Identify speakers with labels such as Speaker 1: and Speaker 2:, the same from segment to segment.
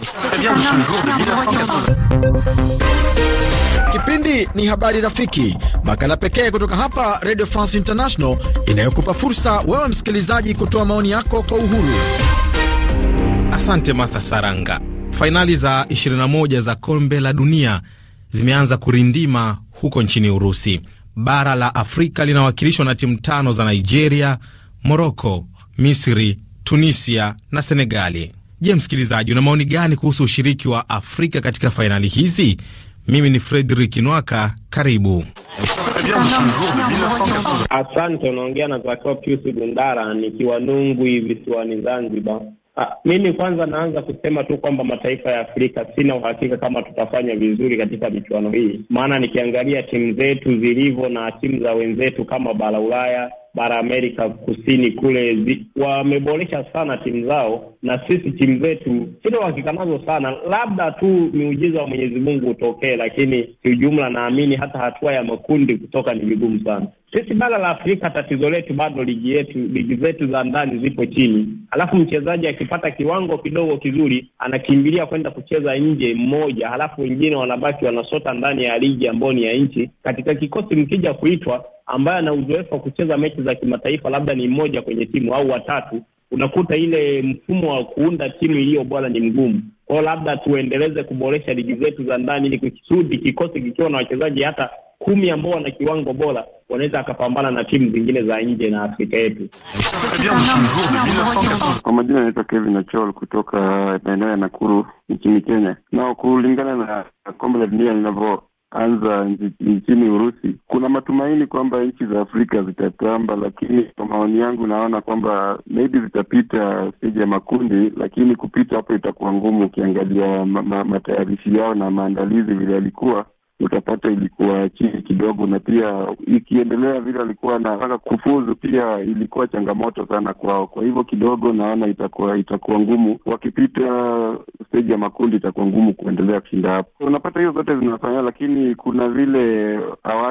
Speaker 1: Très bien,
Speaker 2: Kipindi ni habari rafiki, makala pekee kutoka hapa Radio France International inayokupa fursa wewe msikilizaji kutoa maoni yako kwa uhuru. Asante Martha Saranga. Fainali za 21 za kombe la dunia zimeanza kurindima huko nchini Urusi. Bara la Afrika linawakilishwa na timu tano za Nigeria, Moroko, Misri, Tunisia na Senegali. Je, msikilizaji, una maoni gani kuhusu ushiriki wa Afrika katika fainali hizi? Mimi ni Fredrik Nwaka, karibu.
Speaker 3: Asante. Unaongea na Zakao Gundara nikiwa Nungwi visiwani Zanzibar. Ah, mimi kwanza naanza kusema tu kwamba mataifa ya Afrika sina uhakika kama tutafanya vizuri katika michuano hii, maana nikiangalia timu zetu zilivyo na timu za wenzetu kama bara Ulaya, bara Amerika Kusini kule wameboresha sana timu zao na sisi timu zetu sina uhakika nazo sana, labda tu miujiza wa Mwenyezi Mungu utokee, lakini kiujumla naamini hata hatua ya makundi kutoka ni vigumu sana. Sisi bara la Afrika tatizo letu bado ligi yetu, ligi zetu za ndani zipo chini, alafu mchezaji akipata kiwango kidogo kizuri anakimbilia kwenda kucheza nje mmoja, halafu wengine wanabaki wanasota ndani ya ligi ambayo ni ya nchi. Katika kikosi mkija kuitwa ambaye ana uzoefu wa kucheza mechi za kimataifa, labda ni mmoja kwenye timu au watatu, unakuta ile mfumo wa kuunda timu iliyo bora ni mgumu kwao. Labda tuendeleze kuboresha ligi zetu za ndani, ili kusudi kikosi kikiwa na wachezaji hata kumi ambao wana kiwango bora wanaweza akapambana na timu zingine za nje na Afrika yetu.
Speaker 1: Kwa majina anaitwa Kevin Achol kutoka maeneo ya Nakuru nchini Kenya. Na kulingana na kombe la dunia linavyo anza nchini Urusi, kuna matumaini kwamba nchi za Afrika zitatamba, lakini kwa maoni yangu naona kwamba maybe zitapita steji ya makundi, lakini kupita hapo itakuwa ngumu, ukiangalia matayarishi yao na maandalizi vile yalikuwa utapata ilikuwa chini kidogo, na pia ikiendelea vile walikuwa wanataka kufuzu, pia ilikuwa changamoto sana kwao. Kwa hivyo kidogo naona itakuwa itakuwa ngumu, wakipita steji ya makundi itakuwa ngumu kuendelea kushinda hapo. Unapata hiyo zote zinafanyia, lakini kuna vile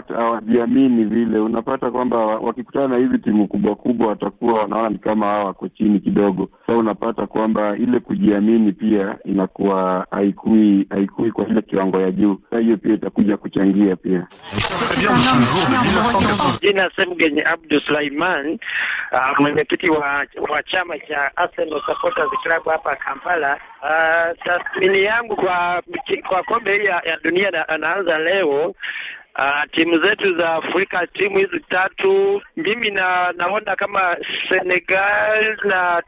Speaker 1: hawajiamini vile, unapata kwamba wakikutana na hizi timu kubwa kubwa watakuwa wanaona ni kama hawa wako chini kidogo. Sa unapata kwamba ile kujiamini pia inakuwa haikui haikui kwa ile kiwango ya juu, sa hiyo pia itakuwa kuja kuchangia pia.
Speaker 4: Jina Semgenye Abdu Sulaiman, uh, mwenyekiti wa, chama cha Arsenal Supporters Club hapa Kampala. Uh, tathmini yangu kwa kombe hii ya dunia anaanza leo Uh, timu zetu za Afrika timu hizi tatu, mimi na, naona kama Senegal na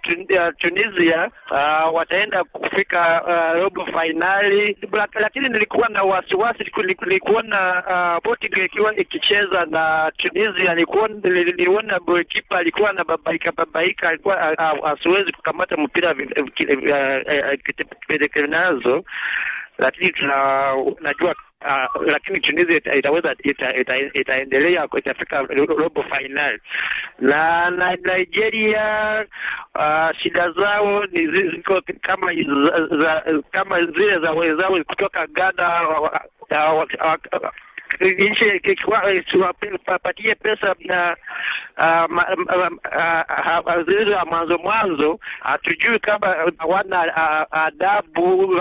Speaker 4: Tunisia uh, wataenda kufika uh, robo fainali, lakini nilikuwa na wasiwasi, nilikuona uh, Portugal ikiwa ikicheza na Tunisia, niliona golikipa alikuwa na babaika babaika, alikuwa asiwezi kukamata mpira kitepenazo, lakini tunajua Uh, lakini Tunisia itaweza itaendelea ita, itafika robo final na, na Nigeria uh, shida zao ni ziko kama za, kama zile za wenzao kutoka Ghana nchi tuwapatie pesa na zile za mwanzo mwanzo, hatujui kama wana adabu,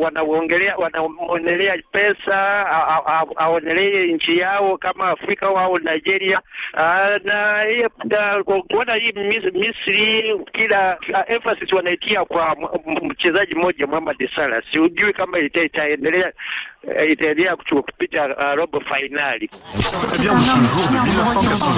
Speaker 4: wanaongelea wanaonelea pesa, aonelee nchi yao kama Afrika au Nigeria na kuona hii Misri kila emphasis wanaitia kwa mchezaji mmoja Muhammad Salah, sijui kama itaendelea Eh, itaendelea kupita uh, robo fainali.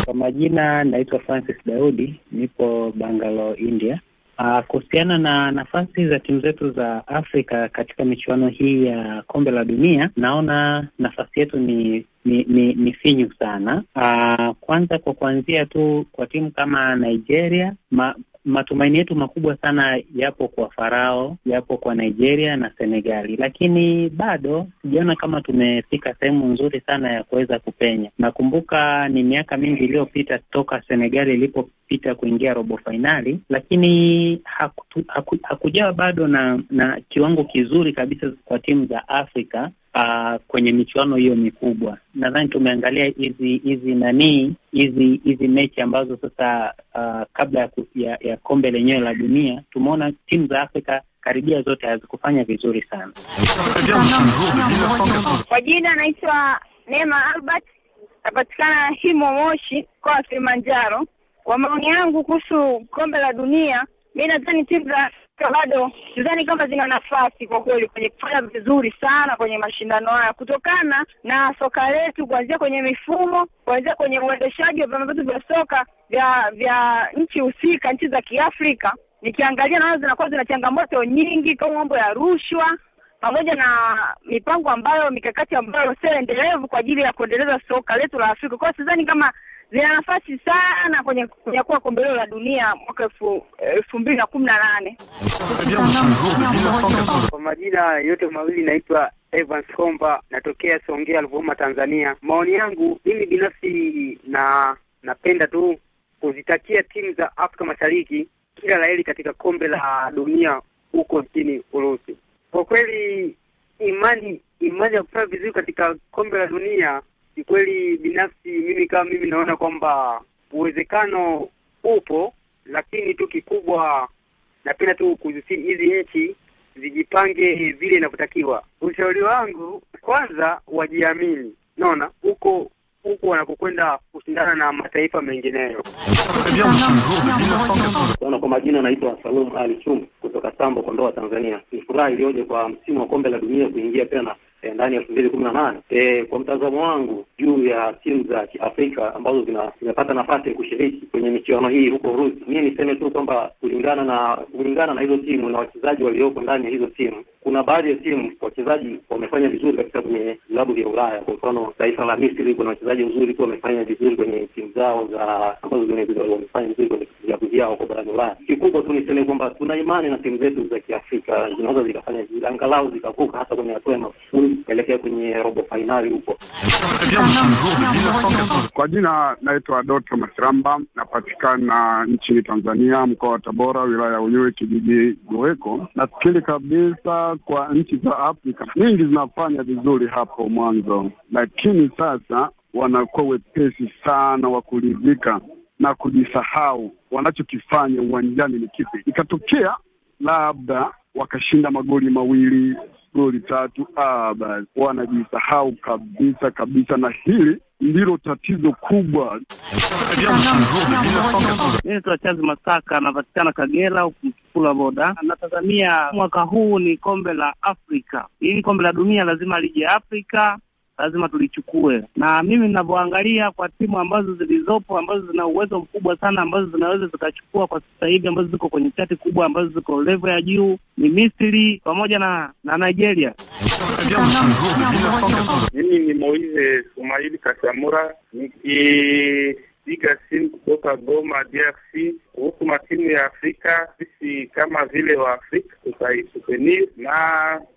Speaker 5: Kwa majina naitwa Francis Daudi, nipo Bangalore, India. Ah, kuhusiana na nafasi za timu zetu za Afrika katika michuano hii ya kombe la dunia, naona nafasi yetu ni ni, ni, ni finyu sana. Uh, kwanza kwa kuanzia tu kwa timu kama Nigeria ma, matumaini yetu makubwa sana yapo kwa Farao, yapo kwa Nigeria na Senegali, lakini bado sijaona kama tumefika sehemu nzuri sana ya kuweza kupenya. Nakumbuka ni miaka mingi iliyopita toka Senegali ilipopita kuingia robo fainali, lakini hakujawa haku, haku bado na na kiwango kizuri kabisa kwa timu za Afrika uh, kwenye michuano hiyo mikubwa. Nadhani tumeangalia hizi hizi nanii hizi hizi mechi ambazo sasa uh, kabla ya, ya kombe lenyewe la dunia tumeona timu za Afrika karibia zote hazikufanya vizuri sana. Kwa jina anaitwa Neema Albert, napatikana Himo Moshi, mkoa wa Kilimanjaro. Kwa maoni yangu kuhusu kombe la dunia, mi nadhani timu za bado sidhani kama zina nafasi kwa kweli kwenye kufanya vizuri sana kwenye mashindano haya, kutokana na soka letu, kuanzia kwenye mifumo, kuanzia kwenye uendeshaji wa vyama vyetu vya soka vya vya nchi husika, nchi za Kiafrika. Nikiangalia naona zinakuwa zina changamoto nyingi kama mambo ya rushwa pamoja na mipango ambayo mikakati ambayo sio endelevu kwa ajili ya kuendeleza soka letu la Afrika. Kwa hiyo sidhani kama zina nafasi sana kwenye kunyakua kombe hilo la dunia mwaka elfu mbili na kumi na nane.
Speaker 4: Kwa majina yote mawili naitwa Evans Komba, natokea Songea, Ruvuma, Tanzania. Maoni yangu mimi binafsi, na napenda tu kuzitakia timu za Afrika Mashariki kila laheri katika kombe la dunia huko nchini Urusi. Kwa kweli imani imani ya kufanya vizuri katika kombe la dunia ni kweli, binafsi mimi kama mimi naona kwamba uwezekano upo, lakini tu kikubwa napenda tu kuzisii hizi nchi zijipange vile inavyotakiwa. Ushauri wangu kwanza, wajiamini. Naona huko huku wanakokwenda kushindana na mataifa mengineyo.
Speaker 3: Naona kwa majina anaitwa Salum Ali Chum kutoka Sambo, Kondoa, Tanzania. Ni furaha iliyoje kwa msimu wa kombe la dunia kuingia tena Eh, ndani ya elfu mbili kumi na nane. Eh, kwa mtazamo wangu juu ya timu za Kiafrika ambazo zinapata nafasi ya kushiriki kwenye michuano hii huko Urusi. Mimi niseme tu kwamba kulingana na kulingana na hizo timu na wachezaji walioko ndani ya hizo timu, kuna baadhi ya timu wachezaji wamefanya vizuri katika kwenye vilabu vya Ulaya. Kwa mfano, taifa la Misri kuna wachezaji wazuri tu wamefanya vizuri kwenye timu zao za ambazo wamefanya vizuri kwenye vilabu vyao kwa barani Ulaya. Kikubwa tu niseme kwamba tuna imani na timu zetu za Kiafrika zinaweza zikafanya angalau zikavuka hata kwenye hatua ya makundi kuelekea kwenye robo fainali huko
Speaker 1: kwa jina naitwa Doto Masiramba, napatikana nchini Tanzania, mkoa wa Tabora, wilaya ya Uyui, kijiji Goweko. Nafikiri kabisa kwa nchi za Afrika nyingi zinafanya vizuri hapo mwanzo, lakini sasa wanakuwa wepesi sana wa kuridhika na kujisahau wanachokifanya uwanjani ni kipi. Ikatokea labda wakashinda magoli mawili goli tatu, ah, basi wanajisahau kabisa kabisa, na hili ndilo tatizo kubwa.
Speaker 5: Ministra
Speaker 3: Charles Masaka anapatikana Kagera kula boda.
Speaker 5: Natazamia mwaka huu ni
Speaker 3: kombe la Afrika, ili kombe la dunia lazima lije Afrika lazima tulichukue. Na mimi ninavyoangalia kwa timu ambazo zilizopo ambazo zina uwezo mkubwa sana ambazo zinaweza zikachukua kwa sasa hivi ambazo ziko kwenye chati kubwa ambazo ziko level ya juu ni Misri pamoja na na Nigeria. Mimi
Speaker 1: ni moise Sumaili Kasamura nikipiga simu kutoka Goma, DRC kuhusu matimu ya Afrika. Sisi kama vile wa Afrika tutaiupenir na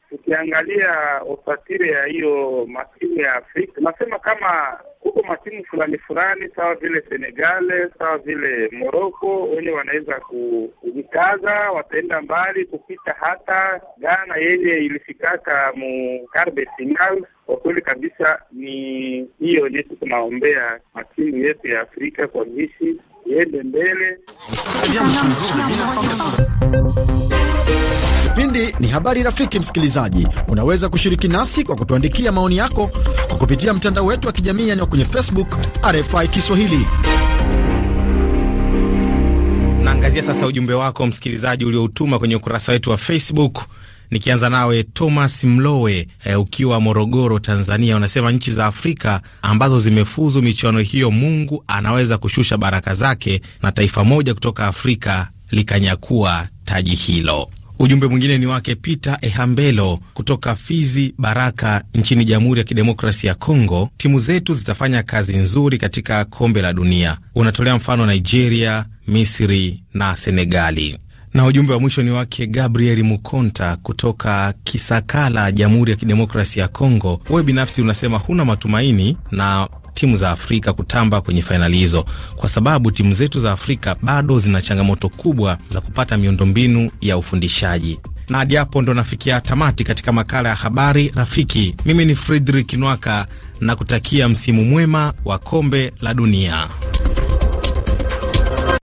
Speaker 1: tukiangalia ofatire ya hiyo masimu ya Afrika, tunasema kama huko masimu fulani fulani, sawa vile Senegal, sawa vile Morocco, wenye wanaweza kujikaza, wataenda mbali kupita hata Ghana yenye ilifikaka mu karbe final. Kwa kweli kabisa, ni hiyo yenye tunaombea masimu yetu ya Afrika kwa jishi iende mbele
Speaker 2: Kipindi ni habari rafiki. Msikilizaji, unaweza kushiriki nasi kwa kutuandikia maoni yako kwa kupitia mtandao wetu wa kijamii yani kwenye Facebook RFI Kiswahili. Naangazia sasa ujumbe wako msikilizaji ulioutuma kwenye ukurasa wetu wa Facebook, nikianza nawe Thomas Mlowe eh, ukiwa Morogoro, Tanzania, unasema nchi za Afrika ambazo zimefuzu michuano hiyo, Mungu anaweza kushusha baraka zake na taifa moja kutoka Afrika likanyakua taji hilo. Ujumbe mwingine ni wake Peter Ehambelo kutoka Fizi Baraka nchini Jamhuri ya Kidemokrasia ya Kongo. Timu zetu zitafanya kazi nzuri katika kombe la dunia. Unatolea mfano Nigeria, Misri na Senegali. Na ujumbe wa mwisho ni wake Gabriel Mukonta kutoka Kisakala, Jamhuri ya Kidemokrasia ya Kongo. Wewe binafsi unasema huna matumaini na timu za Afrika kutamba kwenye fainali hizo, kwa sababu timu zetu za Afrika bado zina changamoto kubwa za kupata miundombinu ya ufundishaji na hadi hapo ndo nafikia tamati katika makala ya habari rafiki. Mimi ni fridrik Nwaka na kutakia msimu mwema wa kombe la dunia.